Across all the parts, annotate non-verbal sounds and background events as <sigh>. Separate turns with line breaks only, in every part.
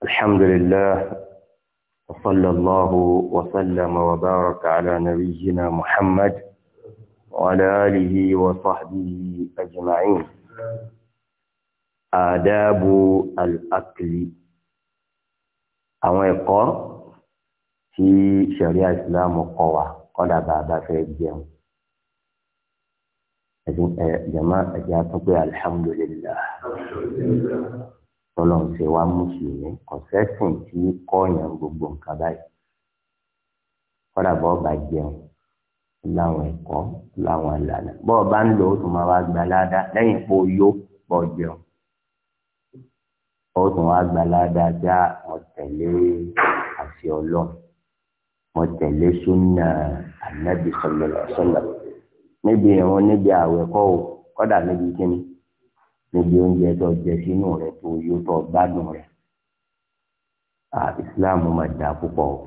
الحمد لله وصلى الله وسلم وبارك على نبينا محمد وعلى آله وصحبه أجمعين آداب الأكل àwọn ẹ̀kọ́ tí ṣẹ̀ríà ìsìláàmù kọ́ wa kọ́dà bàbá fẹ́ jẹun ẹ̀jẹ̀ máa ẹ̀jẹ̀ àtúnpẹ́ alhamdulillah tọ́lọ́n ṣe wá mùsùlùmí ọ̀sẹ́sìn tí kọ́ọ̀yàn gbogbo nǹkan báyìí kọ́dà bọ́ọ̀ bá jẹun láwọn ẹ̀kọ́ láwọn ìlànà bọ́ọ̀ bá ń lò ó tún máa wá gba ládàá lẹ́yìn pé ó yó bọ́ọ̀ jẹun ó tún wá gba ládàá já ah, mo tẹ̀lé àṣẹ ọlọ́run mo tẹ̀lé súnà ànábì sọlọ sọlọ níbi ìrún níbi àwẹ̀kọ́ o kọ́dà níbi kíni. gbogbo oúnjẹ tó jẹ sínú rẹ tó yó tó gbádùn rẹ à ìsìláàmù mà dá púpọ̀ o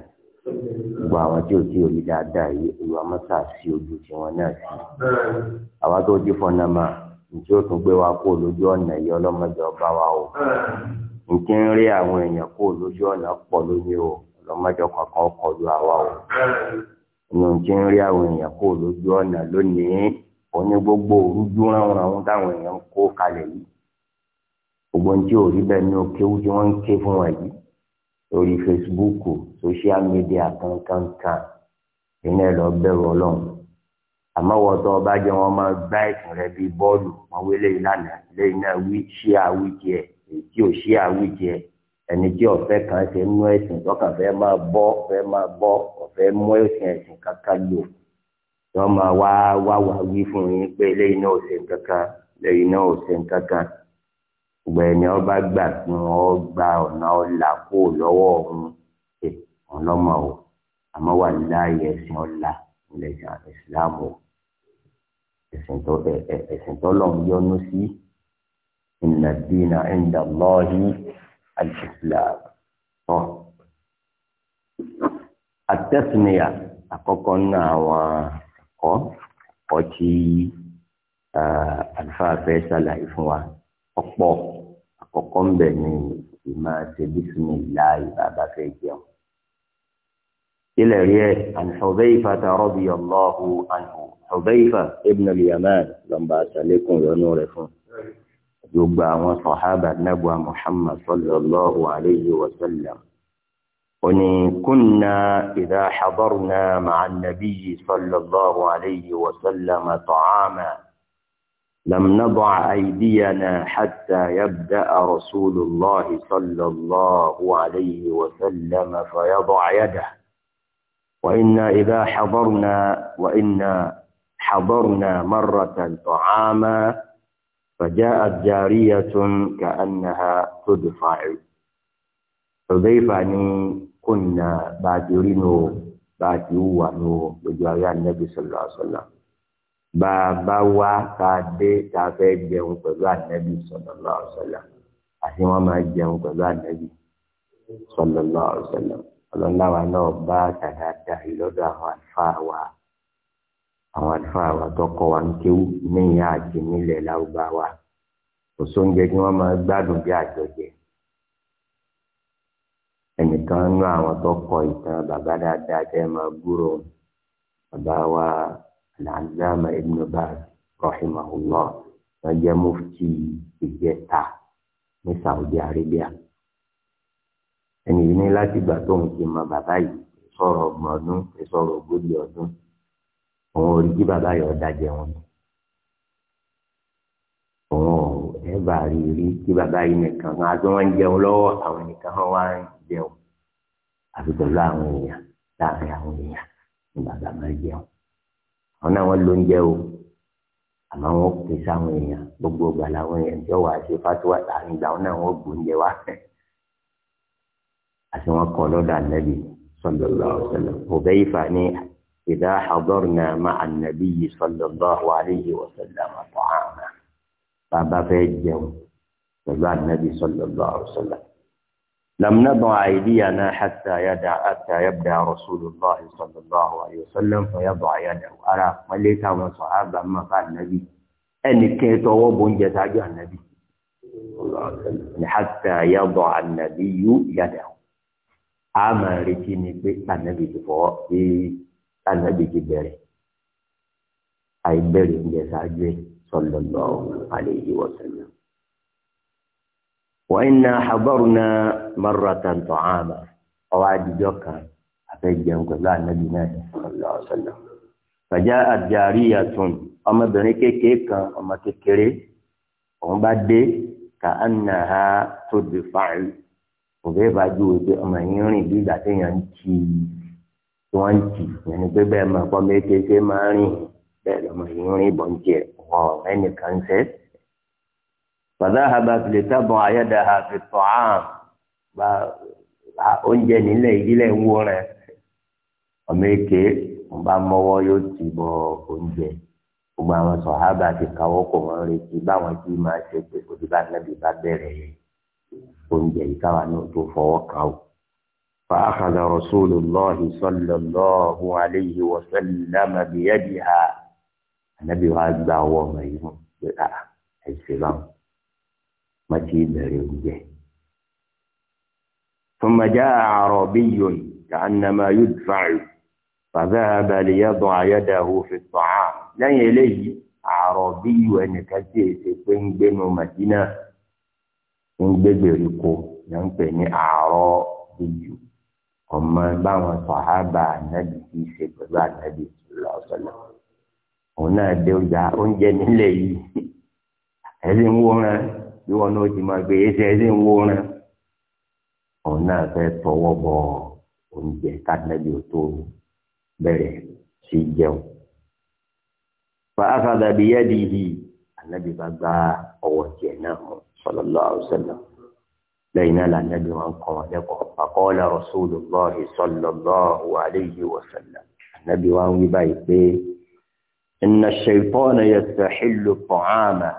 gbogbo àwọn tí ò tí ò ní dáadáa yìí olú amọ́sà sí ojú tiwọn náà sí àwa tó jí fọnà mà njẹ́ ó tún gbé wa kó lójú ọba wa o nkí ń rí àwọn èèyàn kó lójú ọ̀nà pọ̀ o ọlọ́mọdé kankan àwa o ń rí àwọn èèyàn kó lójú ọ̀nà lónìí. òun ni gbogbo òrújú ránranrun táwọn èèyàn ń kó kalẹ̀ yìí gbogbo ohun tí ò rí bẹ́ẹ̀ ní kéwú tí wọ́n ń ké fún wọn yìí lórí Facebook social media kankankan ìyẹn lọ bẹ̀rù ọlọ́run àmọ́ wọ́n tó ọba jẹ́ wọ́n máa gbá ẹ̀sìn rẹ bíi bọ́ọ̀lù wọn wé lẹ́yìn lánàá lẹ́yìn náà wí ṣí àwí tiẹ̀ èyí tí ò ṣí àwí tiẹ̀ ẹni tí ọ̀fẹ́ kan ṣe ń nú ẹ̀sìn tọ́kàn fẹ́ máa bọ́ fẹ́ máa bọ́ ọ̀fẹ́ mú ẹ̀sìn ẹ̀sìn kankan lò wọ́n máa wá wá wá wí fún yín pé eléyìí náà ò ṣe nǹkan kan eléyìí náà ò ṣe nǹkan kan gbẹ̀yìn ọba gbà kí wọ́n gba ọ̀nà ọ̀la kó lọ́wọ́ ọ̀hún ẹ̀hún lọ́mọ o àmọ́ wà láàyè ẹ̀sìn ọ̀la ilẹ̀ Islam o ẹ̀sìn tó lọ́n yọnu sí inna dina inda Allahi àtẹ́sìnìyà àkọ́kọ́ náà àwọn ẹ̀kọ́ ẹ̀kọ́ tí àlùfáà fẹ́ ṣàlàyé fún wa ọ̀pọ̀ àkọ́kọ́ ń bẹ̀ ní ìmọ̀ ṣe bísímìláì bàbá fẹ́ jẹun. إلى رياء عن حذيفة رضي الله عنه حذيفة ابن اليمان لما سألكم ونوركم يبقى وصحابة نبوة محمد صلى الله عليه وسلم وني كنا إذا حضرنا مع النبي صلى الله عليه وسلم طعاما لم نضع أيدينا حتى يبدأ رسول الله صلى الله عليه وسلم فيضع يده وإنا إذا حضرنا وإنا حضرنا مرة طعاما فجاءت جارية كأنها تدفع فضيفني kùnà bá a ti rí nu o bá a ti wà nu o lójú ayé ànábì sọlọ àṣọlọ bá a bá wá ká dé ká fẹ́ jẹun pẹ̀lú ànábì sọlọ àṣọlọ àti wọn máa jẹun pẹ̀lú ànábì sọlọ àṣọlọ ọlọ́láwa náà bá tàdáadáa ìlọ́dọ̀ àwọn àlùfáà wa àwọn àlùfáà wa tọkọ wa ń kéwú níyà àti nílẹ̀ láwùbáwa kò sóúnjẹ tí wọ́n máa gbádùn bí àjọjẹ ẹnìkan nú àwọn tó kọ ìtàn bàbá dáadáa tẹ́ máa gbúrò bàbá wa alàzámà ibn Baz rahimahullah wọ́n jẹ́ mufti ìjẹta ní Saudi Arabia ẹnì yìí ní láti gbà tóun ti mọ bàbá yìí sọ̀rọ̀ ọgbọ̀n ọdún sọ̀rọ̀ ogójì ọdún òun ò rí kí bàbá yìí ọ̀dà jẹun ni. bá rí rí kí bàbá yìí nìkan kan àti wọn ń jẹun lọ́wọ́ àwọn nìkan kan wá ń jẹun àti pẹ̀lú àwọn èèyàn láàrin àwọn èèyàn ni bàbá máa ń jẹun àwọn náà wọn ló ń jẹ o àmọ́ wọn pè sáwọn èèyàn gbogbo ìgbà làwọn èèyàn tí wàá ṣe fatuwa láàrin ìgbà wọn náà wọn gbóúnjẹ wá <laughs> àti wọn kọ lọ́dọ̀ ànábì sallallahu alaihi wasallam Hudayfa ní idha hadarna ma'a an-nabiyyi sallallahu alaihi wasallam ta'am bàbá fẹ́ jẹun pẹ̀lú ànábì sallallahu alaihi wasallam. lam nad'a aydiyana hatta yada'a hatta yabda'a rasulullah sallallahu alaihi wasallam fa yada'a yadahu ara pẹ̀lú táwọn sàhábà máa bá ànábì ẹnì kẹtọ ọwọ́ bó ń jẹ sáájú ànábì hatta yada'a annabiyyu yadahu. a máa retí ni pé ànábì ti fọwọ́ pé ànábì ti bẹ̀rẹ̀ àìbẹ̀rẹ̀ oúnjẹ sáájú ẹ̀ sallallahu alayhi wa sallam. wa inna hadarna marratan ta'ama ọwọ́ àdìjọ́ kan àfẹ́jẹun pẹ̀lú ànábì náà sallallahu alayhi wa sallam. faja'at jariyatun ọmọbìnrin kékeré kan ọmọ kékeré òun bá dé ka annaha tudfa'u òbí bá júwe pé ọmọ yìí rìn bí ìgbà téèyàn ń tì í tí wọ́n ń tì yẹn ni pé bẹ́ẹ̀ máa pọ́ méjèèjì máa rìn bẹ́ẹ̀ lọ́mọ yìí ń rìn bọ̀ ń jẹ wọn ẹnìkan ṣe. fàdáhàbà fìlè tábọn ayádáha fi tọ̀ án bá oúnjẹ nílẹ̀ ìdílé ń wó rẹ̀ ọmọ èké ń bá mọ́wọ́ yóò ti bọ oúnjẹ gbogbo àwọn sọ̀hábà ti káwọ́ kò wọ́n retí báwọn tí máa ṣe pé kò bá nàbì bá bẹ̀rẹ̀ oúnjẹ yìí káwa náà tó fọwọ́ kàn ó. فأخذ رسول الله صلى الله عليه وسلم بيدها ànábì wa gba ọwọ́ ọmọ yìí mú pé àà ẹ̀sìn báwọn wọ́n bẹ̀rẹ̀ oúnjẹ. ثم جاء أعرابي كأنما يدفع فذهب ليضع يده في الطعام lẹ́yìn eléyìí àròbí ìwé nìkan tí èsì pé ń gbénu Madina ń gbégbèrè ko ní ń pè ní àárọ̀ bíyù ọmọ báwọn sọ̀hábà ànábì tí í ṣe pẹ̀lú ànábì lọ́sọ̀lọ́ òun náà dé ọjà oúnjẹ nílẹ̀ yìí ẹsẹ̀ <laughs> ń wóran bí wọn náà ti máa gbé ẹsẹ̀ e ẹsẹ̀ ń wóran òun náà fẹ́ tọwọ́ bọ oúnjẹ kádínẹ́bí ò tó bẹ̀rẹ̀ sí jẹun. fàákàdà bí yẹ́dì yìí ànábì bá gba ọwọ́ tiẹ̀ náà mú sallallahu alaihi wasallam lẹ́yìn náà lànàbì wọn kọ́ wọn lẹ́kọ̀ọ́ faqala rasulullahi sallallahu alaihi wasallam ànábì wọn wí báyìí pé. إن الشيطان يستحل الطعام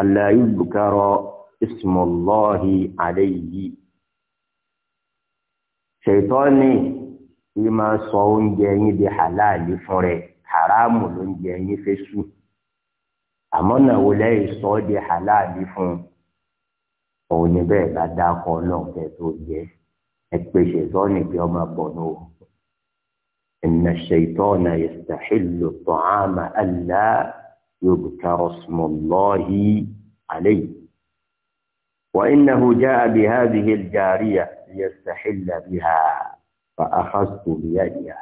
ألا يذكر اسم الله عليه ṣètọ́ni yìí máa sọ oúnjẹ yín di halali fún rẹ̀ haramu ló ń jẹ yín fẹ́ sùn àmọ́ náà wò lẹ́yìn sọ ọ́ di halali fún òun ni bẹ́ẹ̀ bá dákọ̀ náà kẹ́ tó jẹ́ ẹ pé ṣètọ́ni pé ọmọ bọ̀ náà. إن الشيطان يستحل الطعام ألا يذكر اسم الله عليه وإنه جاء بهذه الجارية ليستحل بها فأخذت بيدها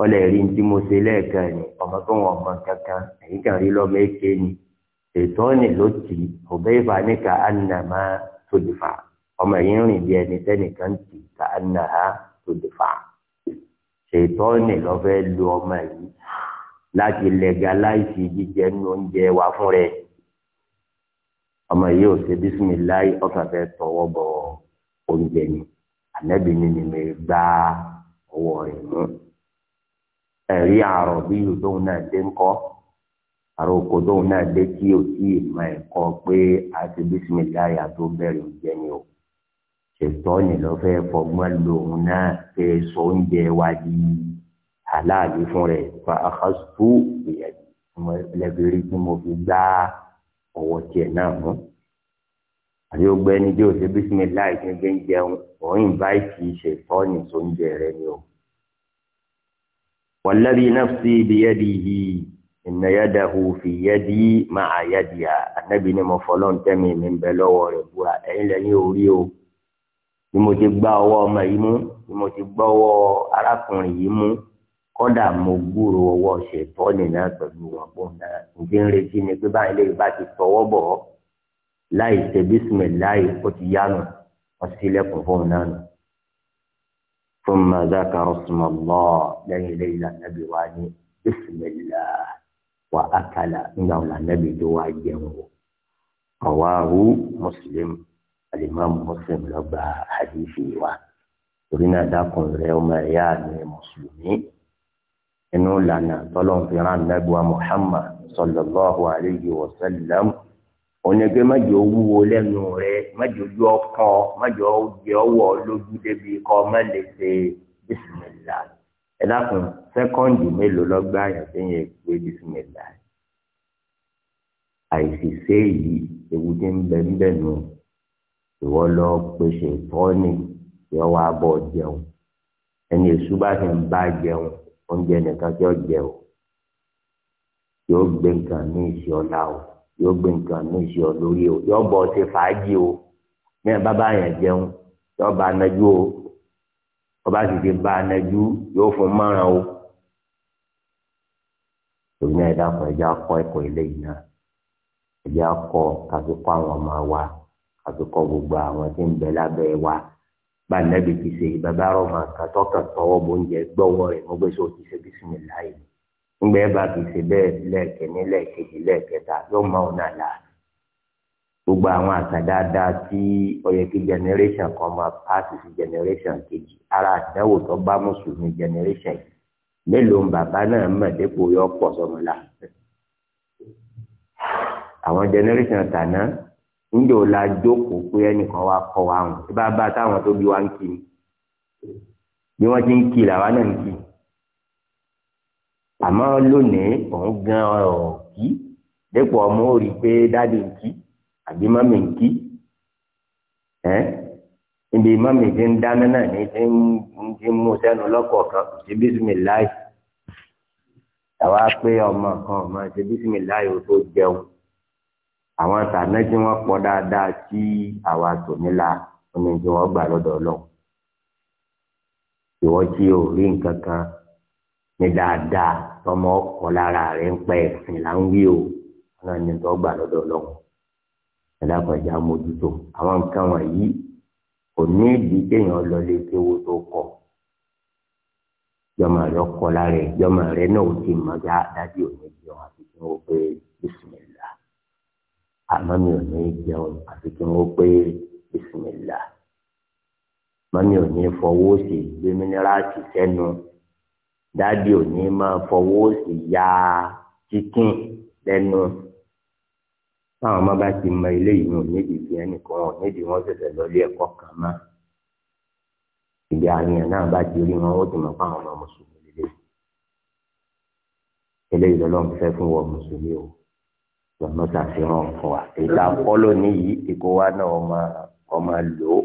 wọ́lẹ̀ rí ní tí mo ṣe lẹ́ẹ̀kan ni ọmọ tó wọn ọmọ kankan èyí kan rí lọ́mọ èké ni ètò ọ̀nì ló tì í ọ̀bẹ ìfà ní ka annama tudfa ọmọ yìí ń rìn bí ẹni tẹ́nìkan tì ka annaha tudfa. ṣètọ́ọ̀nì lọ́fẹ́ lu ọmọ yìí láti legalize jíjẹ nu oúnjẹ wa fún rẹ̀ ọmọ yìí ò ṣe bísímìláì ọkàn fẹ́ tọwọ́ bọ̀ oúnjẹ ni ànẹ́bí ni ni mi ọwọ́ rẹ̀ mú ẹ̀rí àrọ̀ bí náà dé ń kọ́ dé tí ò tí ì mọ pé a ti bísímìláì àtó bẹ̀rẹ̀ oúnjẹ ni ṣètọ́ ni lọ fẹ́ fọgbọ́n lòun náà fẹ́ sọ oúnjẹ wa di aláàbí fún rẹ̀ fa àkàṣù ìyàdí lẹ́bìrì tí mo fi gbá ọwọ́ tiẹ̀ náà mú. àbí ó gbé ẹni tí ò ṣe bísímìláì ń jẹun òun ìbáìtì ṣètọ́ ni sọ oúnjẹ rẹ ni o. والذي نفسي بيده إن يده في يدي مع يدها النبي ni mo fọlọ́n tẹ́mi mi ń bẹ lọ́wọ́ rẹ̀ búra ẹ̀yin lẹ́yìn orí o bí mo ti gbá ọwọ́ ọmọ yìí mú bí mo ti gbá ọwọ́ arákùnrin yìí mú kódà mo gbúrò ọwọ́ ṣètọ́ nìyẹn pẹ̀lú wọn bó ń dára ǹjẹ́ ń retí ni pé báyìí lè bá ti tọwọ́ bọ̀ ọ́ láì ṣe bísímẹ̀láì ó ti yánu wọ́n sì lẹ́kùn fóun náà nù. fún mazà kàrọ̀ sùnmọ̀ lọ lẹ́yìn ilé ìlà wa ní bísímẹ̀lá wà á kàlà ńgbà wọn nàbì tó wà jẹun o. ọ̀wá hu mùsùlùmí alimami muslim ló gba hadithi wa torí náà dákun rẹ ọmọ ẹ̀yà ni mùsùlùmí inú lànà tọ́lọ́n fi rán nẹ́gbà muhammad sallallahu alayhi wa sallam onígbé májè owúwo lẹ́nu rẹ májè ojú ọkàn májè ojú ọwọ́ lójú débi kọ́ má lè ṣe bisimilá ẹ dákun sẹ́kọ́ǹdì mélòó lọ́gbà yẹn fi yẹn pé bisimilá àìsí séyìí ewu tí ń bẹ ń bẹ nù. No ìwọ lọ pèsè ìtọ́ni yọ wá bọ̀ jẹun ẹni èṣù bá ti ń bá jẹun oúnjẹ nìkan tí ó jẹ o yóò gbé nǹkan ní ìṣe ọlá o yóò gbé nǹkan ní ìṣe olórí o yóò bọ̀ ṣe fàájì o ní ẹ̀ bábá yẹn jẹun yóò bá anájú o ọba sì ti bá anájú yóò fún márùn o torí náà ẹ dákun ẹ jẹ́ akọ ẹ̀kọ́ eléyìí náà ẹ jẹ́ akọ káfíkọ àwọn ọmọ wa àfikọ́ gbogbo àwọn tí ń bẹ lábẹ́ wa bá nẹ́bi ti ṣe bàbá rọ̀mà kàtọ́kà tọwọ́ bó ń jẹ gbọ́wọ́ rẹ̀ mo gbé sóò ti ṣe bisimilayi ńgbẹ́ bá ti ṣe bẹ́ẹ̀ lẹ́ẹ̀kẹ́ni lẹ́ẹ̀kejì lẹ́ẹ̀kẹta yóò mọ ọ̀nà là gbogbo àwọn àtàdáadáa tí ó yẹ kí generation kan máa pass sí generation kejì ara àdáwò tó bá mùsùlùmí generation yìí mélòó bàbá náà mọ̀ dépò yọ pọ̀ sọmọlá àwọn generation tàná níbi ò la jókòó pé ẹnìkan wa kọ wa hàn bí bá bá táwọn tó bí wa ń kí ni bí wọ́n ti ń kí làwa náà ń kí àmọ́ lónìí òun gan ọ̀rọ̀ kí dépò ọmọ ò rí i pé dáàdi ń kí àbí mọ́mì ń kí ẹ́ níbi mọ́mì ti ń dáná náà ní ti ń ti mú sẹ́nu lọ́kọ̀ọ̀kan ṣe bísímìláì àwa pé ọmọ kan ọmọ ṣe bísímìláì ó tó jẹun àwọn tàná tí wọ́n pọ̀ dáadáa tí àwa tòmílà omi tí wọ́n gbà lọ́dọ̀ ọlọ́run ìwọ tí o rí nǹkan kan ní dáadáa tọmọ ọkọ lára rẹ ń pẹ ẹsìn là ń wí o ọ̀nà ni tó gbà lọ́dọ̀ ọlọ́run ẹ̀dàkọ̀já mójútó àwọn nǹkan wọ̀nyí kò ní ìdí kéèyàn lọ lé kéwó tó kọ̀ jọmọ rẹ ọkọ lára ẹ jọmọ rẹ náà ó ti mọ dáadáa bí òní jọ àti kí wọn pé bísí mi àmọ́ mi ò ní jẹun àti kí wọ́n pé bisimilá àmọ́ mi ò ní fọwọ́ sí gbé mínírààtì sẹ́nu dáàdi ò ní máa fọwọ́ sí ya chicken lẹ́nu táwọn ọmọ bá ti mọ ilé yìí wọn ò nídìí fi ẹnìkan wọn ò nídìí wọn ṣẹ̀ṣẹ̀ lọlé ẹ̀kọ́ kan mọ́ ìdí àníyàn náà bá ti rí wọn ó ti mọ̀ fáwọn ọmọ mùsùlùmí lélẹ̀ eléyìí lọ́lọ́run fẹ́ fún wọn mùsùlùmí o lọ́nà tàfihàn fún wa ìta kọ́lọ́ níyì ìkó wa náà ọmọ ọmọ lò ó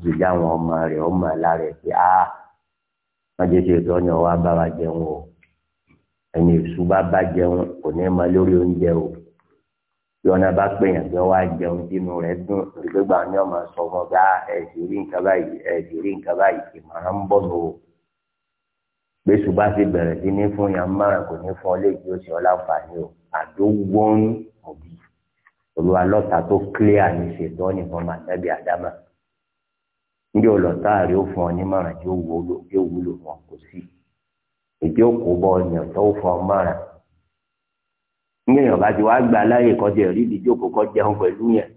sì dá àwọn ọmọ rẹ̀ ọmọ alára ẹ̀ pé áá májèṣe ìtọ́ni ọwọ́ abára jẹun o ẹni èṣù bá bá jẹun kò ní ma lórí oúnjẹ o bí ọ̀nà bá pè yàn pé wá jẹun sínú rẹ̀ dùn ìgbégbà ni ọmọ sọ fún ọgá ẹ̀ sì rí nǹkan báyìí ẹ̀ sì rí nǹkan báyìí ìmọ̀ràn ń bọ̀ nù gbèsù bá ti bẹ̀rẹ̀ sí ní fún yàn márùn kò ní fún ọ léèkì ó sì ọlá nfààní o àdógbón òbí olúwa lọ́ta tó clear ní ṣètò àdámà ó ọ ní márùn tí ó wúlò wọn kò sí èdè òkú bọ ọyàn tó fún ọ márùn ní èèyàn bá ti wá gba kọjá rí ibi jókòó pẹ̀lú yẹn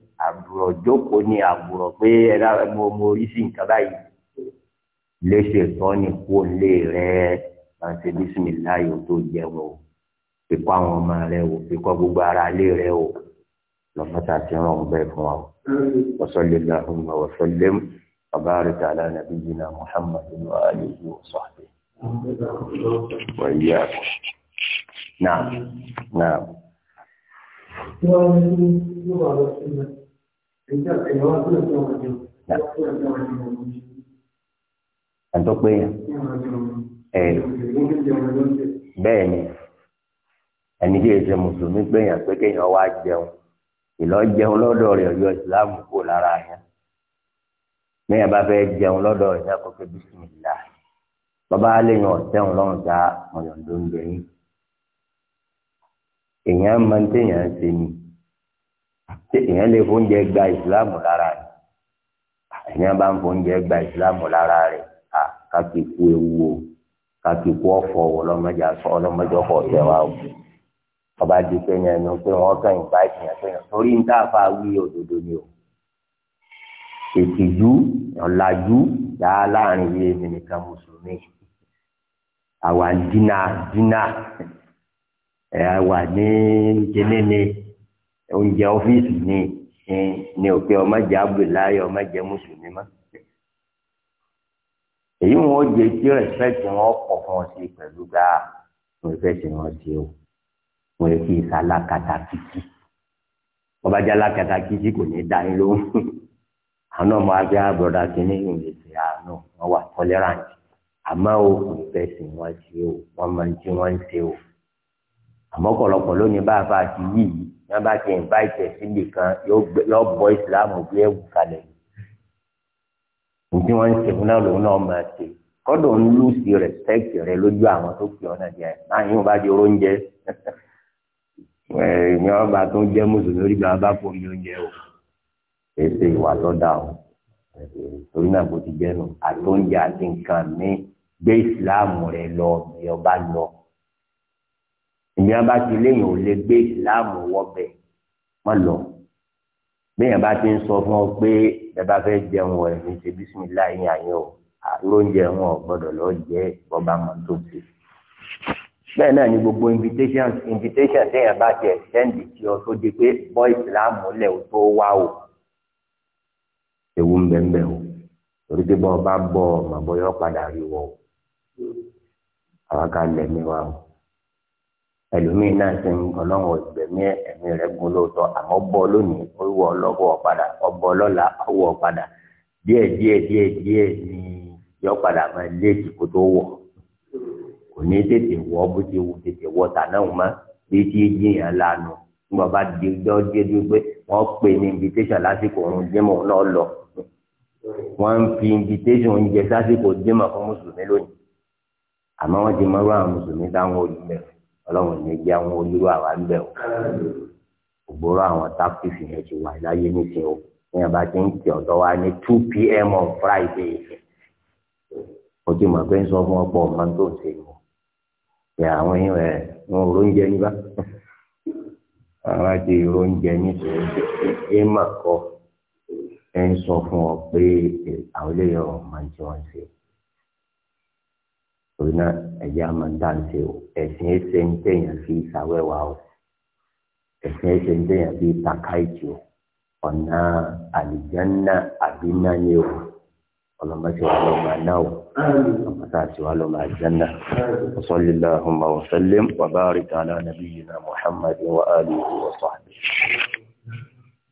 léṣe tọ́ni kó lé rẹ àti bisimilayi o tó jẹun o fi kọ́ àwọn ọmọ rẹ o fi kọ́ gbogbo ara lé rẹ o lọ́mọ́ta ti ràn ọ́n bẹ́ẹ̀ fún wa o. وصلى اللهم وسلم وبارك على نبينا محمد وآله وصحبه وإياكم نعم نعم نعم ẹni tó péyàn bẹ́ẹ̀ ni ẹni tí èsì mùsùlùmí péyàn pé kéèyàn wá jẹun ìlọ jẹun lọ́dọ̀ rẹ̀ yọ ìsìláàmù kó lára yẹn mẹ́yà bá fẹ́ jẹun lọ́dọ̀ rẹ̀ náà kó pé bísímìlá bàbá lẹ́yìn ọ̀sẹ̀hún lọ́rùn ta ọ̀yọ̀ǹdó ń bẹ̀yìn èèyàn máa ń téèyàn ṣe ni èèyàn lè fóúnjẹ gba ìsìláàmù lára rẹ̀ èèyàn bá ń fóúnjẹ gba ìsìláàmù lára rẹ̀ káti kú ewu o káti kú ọ̀fọ̀ ọlọ́mọdé aṣọ ọlọ́mọdé ọkọ̀ ọ̀tẹ̀ wa o ọba di kẹ́yìn ẹnu pé wọ́n kàn yín báyìí kìyàn pé torí ń tá a fa wí òdodo ni o ètìjú ọ̀làjú dá láàrin yìí èmi nìkan mùsùlùmí àwa dínà dínà ẹ̀ wà ní jẹ́nẹ́ni oúnjẹ ọ́fíìsì ni ní òkè ọmọ jẹ́ abdullahi ọmọ jẹ́ mùsùlùmí mọ́ èyí wọn ó jẹ kí rẹsipẹti wọn pọ̀ fún ọ sí pẹ̀lú gbà wọn fẹẹ ṣe wọn ṣe o wọn yẹ kí isa kìkì wọn bá jẹ alákatá kìkì kò ní dá lóhùn àwọn ọmọ abẹ àbọdá kìíní yìí lè ṣe àánú ah, wọn wà tolerant àmọ́ o kò wọn ṣe o wọn máa ń tí wọn ń ṣe o àmọ́ ọ̀pọ̀lọpọ̀ lónìí bá a bá ti yí yìí wọn bá ti invite ẹ síbi kan yóò bọ ìsìlámù bí ẹ wù yìí nítí wọ́n ń ṣe fún náà lòun náà máa ṣe kọ́dọ̀ ń lùsì rẹ̀spẹ̀kì rẹ lójú àwọn tó pè ọ́ náà jẹ́ báyìí wọ́n bá di oróúnjẹ ẹ̀yìn ọba tó ń jẹ́ mùsùlùmí orí bàbá kò ní oúnjẹ o èsè ìwà lọ́dà o torí náà bó ti jẹ́ nu àtúnjẹ àti nǹkan mi gbé ìsìláàmù rẹ lọ bí ọba lọ ìyẹn bá ti léyìn ò lè gbé ìsìláàmù wọ́bẹ̀ má lọ bẹ́ẹ̀ bá ti ń sọ fún ọ pé bàbá fẹ́ jẹun ọ̀ ẹ̀mí ṣe bísímìlá yín àyàn o lóúnjẹ wọn ò gbọdọ̀ lọ jẹ ọba mọ tó ti. bẹ́ẹ̀ náà ni gbogbo invitation invitation téèyàn bá ti extend tí ọ tó di pé bọ́ ìsìláàmù lẹ̀ ó tó wá o. ewu ń bẹ ń o torí pé bọ́ ọba bọ́ ọmọ bọ́yọ́ padà rí wọ o. àwọn kan lẹ̀ mí wá o ẹlòmíín náà ti ń ọlọ́run ìgbẹ̀mí ẹ̀mí rẹ̀ gun lóòótọ́ àmọ́ bọ́ lónìí ó wọ ọlọ́wọ́ padà ọbọ̀ lọ́la ọwọ́ padà díẹ̀ díẹ̀ díẹ̀ díẹ̀ ni yọ padà máa léèkì kó tó wọ̀ kò ní tètè wọ bó ti wù tètè wọ tà náà mọ́ bí tí jìyàn lànà nígbà bá di ọjọ́ dédú pé wọ́n pè ní invitation lásìkò òun jímọ̀ náà lọ wọ́n fi invitation oúnjẹ sásìkò jímọ̀ fún mùsùlùmí lónìí àmọ́ wọ́n ti mọ́rọ́ àwọn mùsùlùmí táwọn olùmẹ̀rẹ̀ ọlọ́run ní jẹ́ àwọn olúwa àwa ń bẹ̀ o ògbóró àwọn tákìsì yẹn ti wà láyé nísìnyí o níyàn bá ti ń tì ọ̀dọ́ wa ní two pm on friday mo ti mọ̀ pé ń sọ fún ọ̀pọ̀ ọ̀mọ́ tó ń ṣe mọ́ ṣe àwọn yìí rẹ̀ wọn oúnjẹ yín bá àwọn àti oúnjẹ nítorí ẹ mà kọ́ ẹ ń sọ fún ọ pé àwọn eléyọ̀ máa ń tí wọ́n ṣe torí náà ẹ̀jẹ̀ àmọ́ ń dáǹsẹ̀ o ẹ̀sìn ẹsẹ̀ ń tẹ̀yàn fi ìsàwẹ́wà o ẹ̀sìn ẹsẹ̀ ń tẹ̀yàn fi takáìtì o ọ̀nà àlìjánná àbínà o ọlọ́mọdé wa lọ́mọ aná o ọmọdé àti wa lọ́mọ